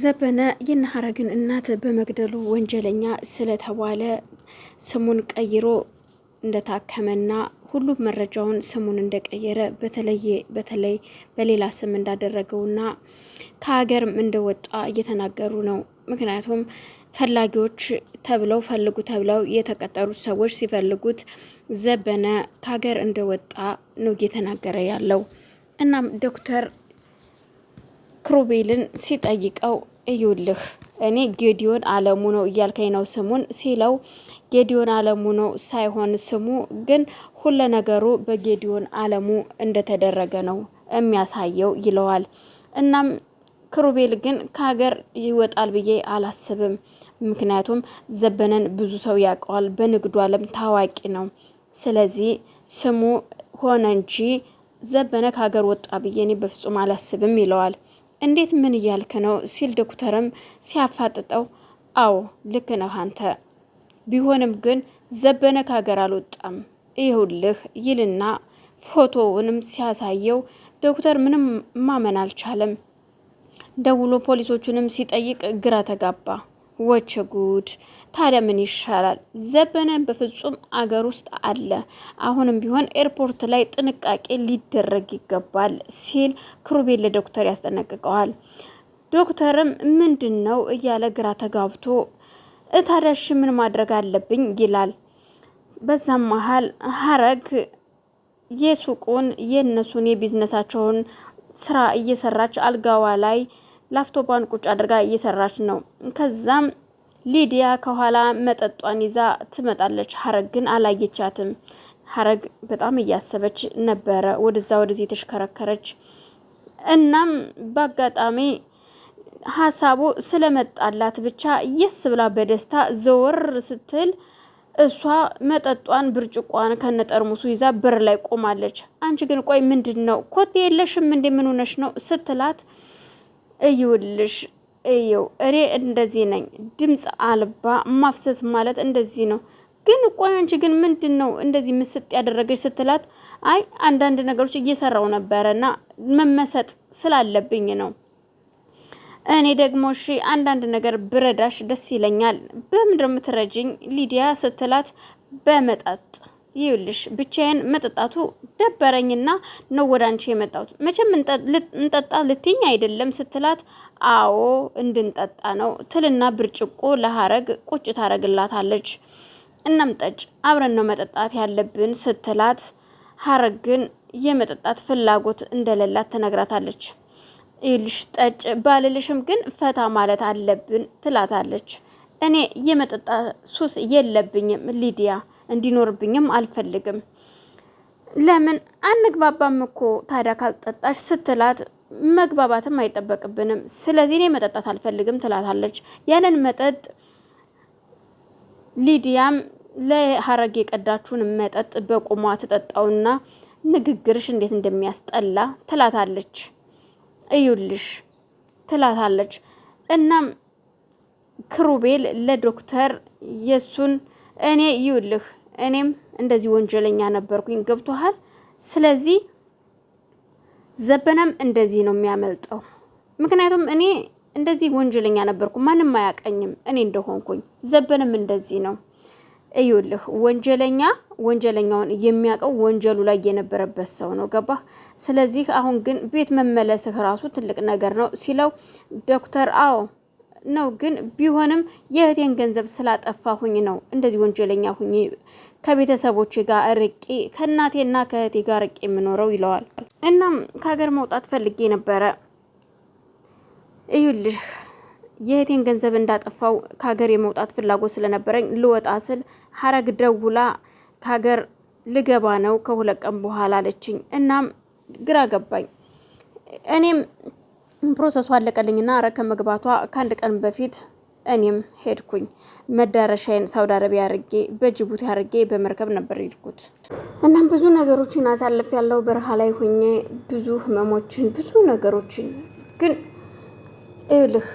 ዘበነ ሀረግን እናት በመግደሉ ወንጀለኛ ስለተባለ ስሙን ቀይሮ እንደታከመና ሁሉም መረጃውን ስሙን እንደቀየረ በተለየ በተለይ በሌላ ስም እንዳደረገውና ከሀገርም እንደወጣ እየተናገሩ ነው። ምክንያቱም ፈላጊዎች ተብለው ፈልጉ ተብለው የተቀጠሩት ሰዎች ሲፈልጉት ዘበነ ከሀገር እንደወጣ ነው እየተናገረ ያለው። እናም ዶክተር ክሩቤልን ሲጠይቀው እዩልህ እኔ ጌዲዮን አለሙ ነው እያልከኝ ነው ስሙን ሲለው ጌዲዮን አለሙ ነው ሳይሆን ስሙ ግን ሁለ ነገሩ በጌዲዮን አለሙ እንደተደረገ ነው የሚያሳየው ይለዋል። እናም ክሩቤል ግን ከሀገር ይወጣል ብዬ አላስብም። ምክንያቱም ዘበነን ብዙ ሰው ያውቀዋል፣ በንግዱ አለም ታዋቂ ነው። ስለዚህ ስሙ ሆነ እንጂ ዘበነ ከሀገር ወጣ ብዬ እኔ በፍጹም አላስብም ይለዋል። እንዴት ምን እያልክ ነው ሲል ዶክተርም ሲያፋጥጠው፣ አዎ ልክ ነህ አንተ ቢሆንም ግን ዘበነ ከሀገር አልወጣም ይሁልህ ይልና ፎቶውንም ሲያሳየው ዶክተር ምንም ማመን አልቻለም። ደውሎ ፖሊሶቹንም ሲጠይቅ ግራ ተጋባ። ወቸ ጉድ! ታዲያ ምን ይሻላል? ዘበነ በፍጹም አገር ውስጥ አለ። አሁንም ቢሆን ኤርፖርት ላይ ጥንቃቄ ሊደረግ ይገባል ሲል ክሩቤል ለዶክተር ያስጠነቅቀዋል። ዶክተርም ምንድን ነው እያለ ግራ ተጋብቶ እታዳሽ ምን ማድረግ አለብኝ ይላል። በዛም መሀል ሀረግ የሱቁን የእነሱን የቢዝነሳቸውን ስራ እየሰራች አልጋዋ ላይ ላፕቶፓን ቁጭ አድርጋ እየሰራች ነው። ከዛም ሊዲያ ከኋላ መጠጧን ይዛ ትመጣለች። ሀረግ ግን አላየቻትም። ሀረግ በጣም እያሰበች ነበረ፣ ወደዛ ወደዚህ የተሽከረከረች። እናም በአጋጣሚ ሀሳቡ ስለመጣላት ብቻ የስ ብላ በደስታ ዘወር ስትል እሷ መጠጧን ብርጭቋን ከነጠርሙሱ ይዛ በር ላይ ቆማለች። አንቺ ግን ቆይ ምንድን ነው ኮቴ የለሽም እንደምንነሽ ነው ስትላት እይውልሽ እየው እኔ እንደዚህ ነኝ። ድምፅ አልባ ማፍሰስ ማለት እንደዚህ ነው። ግን ቆይ አንቺ ግን ምንድን ነው እንደዚህ ምስጥ ያደረገች ስትላት፣ አይ አንዳንድ ነገሮች እየሰራው ነበረና መመሰጥ ስላለብኝ ነው። እኔ ደግሞ እሺ አንዳንድ ነገር ብረዳሽ ደስ ይለኛል። በምንድን ነው የምትረጅኝ ሊዲያ ስትላት፣ በመጠጥ ይውልሽ ብቻዬን መጠጣቱ ደበረኝና ነው ወደ አንቺ የመጣሁት። መቼም እንጠጣ ልትኝ አይደለም ስትላት፣ አዎ እንድንጠጣ ነው ትልና ብርጭቆ ለሀረግ ቁጭ ታረግላታለች። እናም ጠጭ አብረን ነው መጠጣት ያለብን ስትላት፣ ሀረግ ግን የመጠጣት ፍላጎት እንደሌላት ትነግራታለች። ይልሽ ጠጭ ባልልሽም ግን ፈታ ማለት አለብን ትላታለች። እኔ የመጠጣ ሱስ የለብኝም ሊዲያ እንዲኖርብኝም አልፈልግም። ለምን አንግባባም እኮ ታዲያ ካልጠጣሽ ስትላት መግባባትም አይጠበቅብንም። ስለዚህ እኔ መጠጣት አልፈልግም ትላታለች። ያንን መጠጥ ሊዲያም ለሀረግ የቀዳችሁን መጠጥ በቁሟ ትጠጣውና ንግግርሽ እንዴት እንደሚያስጠላ ትላታለች። እዩልሽ ትላታለች። እናም ክሩቤል ለዶክተር የሱን እኔ እዩልህ እኔም እንደዚህ ወንጀለኛ ነበርኩኝ። ገብቶሃል? ስለዚህ ዘበነም እንደዚህ ነው የሚያመልጠው። ምክንያቱም እኔ እንደዚህ ወንጀለኛ ነበርኩ፣ ማንም አያቀኝም እኔ እንደሆንኩኝ። ዘበነም እንደዚህ ነው። እዩልህ ወንጀለኛ ወንጀለኛውን የሚያውቀው ወንጀሉ ላይ የነበረበት ሰው ነው። ገባህ? ስለዚህ አሁን ግን ቤት መመለስህ ራሱ ትልቅ ነገር ነው ሲለው ዶክተር አዎ ነው። ግን ቢሆንም የእህቴን ገንዘብ ስላጠፋ ሁኝ ነው እንደዚህ ወንጀለኛ ሁኝ ከቤተሰቦች ጋር ርቄ ከእናቴና ከእህቴ ጋር ርቄ የምኖረው ይለዋል። እናም ከሀገር መውጣት ፈልጌ ነበረ። እዩልሽ የእህቴን ገንዘብ እንዳጠፋው ከሀገር የመውጣት ፍላጎት ስለነበረኝ ልወጣ ስል ሀረግ ደውላ ከሀገር ልገባ ነው ከሁለት ቀን በኋላ አለችኝ። እናም ግራ ገባኝ እኔም ፕሮሰሱ አለቀልኝና ረከ ከመግባቷ ከአንድ ቀን በፊት እኔም ሄድኩኝ። መዳረሻዬን ሳውዲ አረቢያ አርጌ በጅቡቲ አርጌ በመርከብ ነበር ሄድኩት። እናም ብዙ ነገሮችን አሳልፍ ያለው በረሃ ላይ ሆኜ ብዙ ህመሞችን፣ ብዙ ነገሮችን ግን እልህ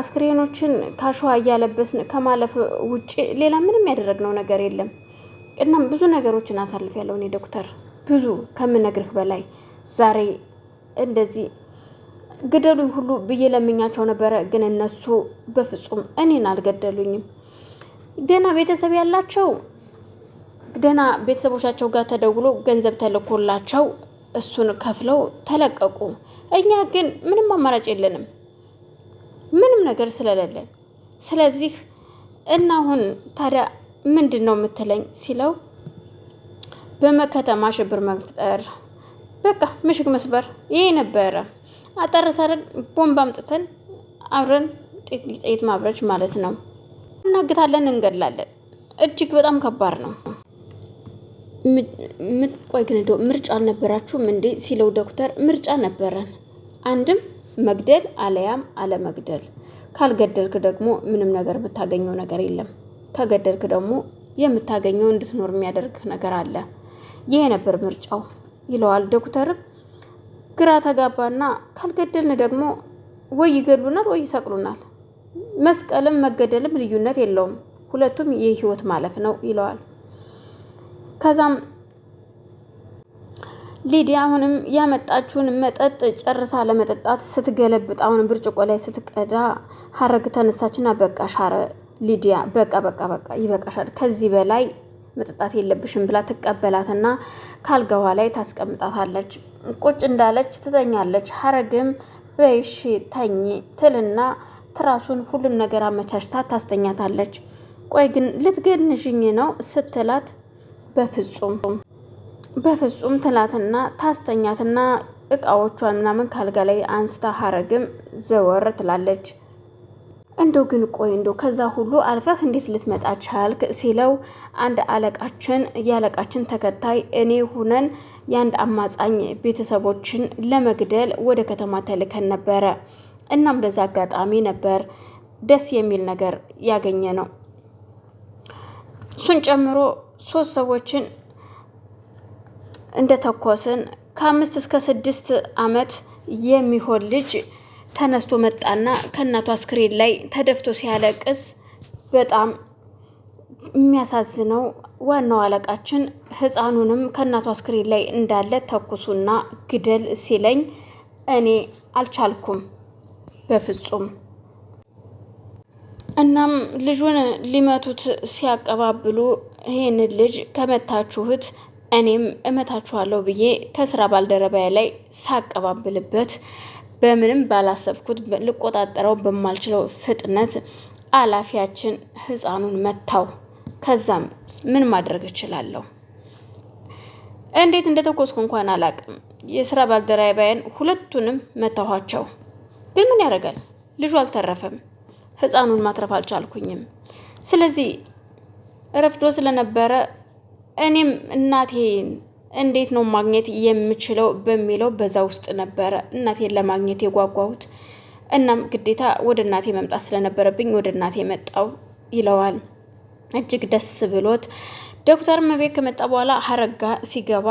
አስክሬኖችን ካሸዋ እያለበስን ከማለፍ ውጭ ሌላ ምንም ያደረግነው ነገር የለም። እናም ብዙ ነገሮችን አሳልፍ ያለው እኔ ዶክተር፣ ብዙ ከምነግርህ በላይ ዛሬ እንደዚህ ግደሉኝ ሁሉ ብዬ ለምኛቸው ነበረ፣ ግን እነሱ በፍጹም እኔን አልገደሉኝም። ደህና ቤተሰብ ያላቸው ደህና ቤተሰቦቻቸው ጋር ተደውሎ ገንዘብ ተልኮላቸው እሱን ከፍለው ተለቀቁ። እኛ ግን ምንም አማራጭ የለንም፣ ምንም ነገር ስለሌለን። ስለዚህ እና አሁን ታዲያ ምንድን ነው የምትለኝ ሲለው በመከተማ ሽብር መፍጠር በቃ ምሽግ መስበር ይሄ ነበረ። አጠር ሳረግ ቦምብ አምጥተን አብረን ጥይት ማብረጅ ማለት ነው። እናግታለን፣ እንገድላለን። እጅግ በጣም ከባድ ነው። ቆይ ግን እንደው ምርጫ አልነበራችሁም እንዴ ሲለው ዶክተር ምርጫ ነበረን፣ አንድም መግደል አለያም አለመግደል። ካልገደልክ ደግሞ ምንም ነገር የምታገኘው ነገር የለም። ከገደልክ ደግሞ የምታገኘው እንድትኖር የሚያደርግ ነገር አለ። ይሄ ነበር ምርጫው። ይለዋል። ዶክተርም ግራ ተጋባና ካልገደልን ደግሞ ወይ ይገድሉናል ወይ ይሰቅሉናል፣ መስቀልም መገደልም ልዩነት የለውም፣ ሁለቱም የህይወት ማለፍ ነው ይለዋል። ከዛም ሊዲያ አሁንም ያመጣችውን መጠጥ ጨርሳ ለመጠጣት ስትገለብጥ አሁን ብርጭቆ ላይ ስትቀዳ ሀረግ ተነሳችና በቃ ሻረ ሊዲያ፣ በቃ በቃ በቃ ይበቃሻል፣ ከዚህ በላይ መጠጣት የለብሽም ብላ ትቀበላትና ካልጋዋ ላይ ታስቀምጣታለች። ቁጭ እንዳለች ትተኛለች። ሀረግም በይሽ ተኝ ትልና ትራሱን ሁሉን ነገር አመቻችታ ታስተኛታለች። ቆይ ግን ልትገንዥኝ ነው ስትላት በፍጹም በፍጹም ትላትና ታስተኛትና እቃዎቿን ምናምን ካልጋ ላይ አንስታ ሀረግም ዘወር ትላለች። እንደው ግን ቆይ እንደው ከዛ ሁሉ አልፈህ እንዴት ልትመጣ ቻልክ? ሲለው አንድ አለቃችን የአለቃችን ተከታይ እኔ ሁነን የአንድ አማጻኝ ቤተሰቦችን ለመግደል ወደ ከተማ ተልከን ነበረ። እናም በዛ አጋጣሚ ነበር ደስ የሚል ነገር ያገኘ ነው። እሱን ጨምሮ ሶስት ሰዎችን እንደተኮስን ከአምስት እስከ ስድስት አመት የሚሆን ልጅ ተነስቶ መጣና ከእናቱ አስክሬን ላይ ተደፍቶ ሲያለቅስ በጣም የሚያሳዝነው ዋናው አለቃችን ህፃኑንም ከእናቱ አስክሬን ላይ እንዳለ ተኩሱና ግደል ሲለኝ እኔ አልቻልኩም በፍጹም። እናም ልጁን ሊመቱት ሲያቀባብሉ ይህንን ልጅ ከመታችሁት እኔም እመታችኋለሁ ብዬ ከስራ ባልደረባዬ ላይ ሳቀባብልበት በምንም ባላሰብኩት ልቆጣጠረው በማልችለው ፍጥነት አላፊያችን ህፃኑን መታው። ከዛም ምን ማድረግ እችላለሁ? እንዴት እንደተኮስኩ እንኳን አላቅም። የስራ ባልደረባዬን ሁለቱንም መታኋቸው። ግን ምን ያደርጋል ልጁ አልተረፈም። ህፃኑን ማትረፍ አልቻልኩኝም። ስለዚህ ረፍዶ ስለነበረ እኔም እናቴን እንዴት ነው ማግኘት የምችለው በሚለው በዛ ውስጥ ነበረ እናቴን ለማግኘት የጓጓሁት። እናም ግዴታ ወደ እናቴ መምጣት ስለነበረብኝ ወደ እናቴ መጣው ይለዋል። እጅግ ደስ ብሎት ዶክተር መቤ ከመጣ በኋላ ሀረጋ ሲገባ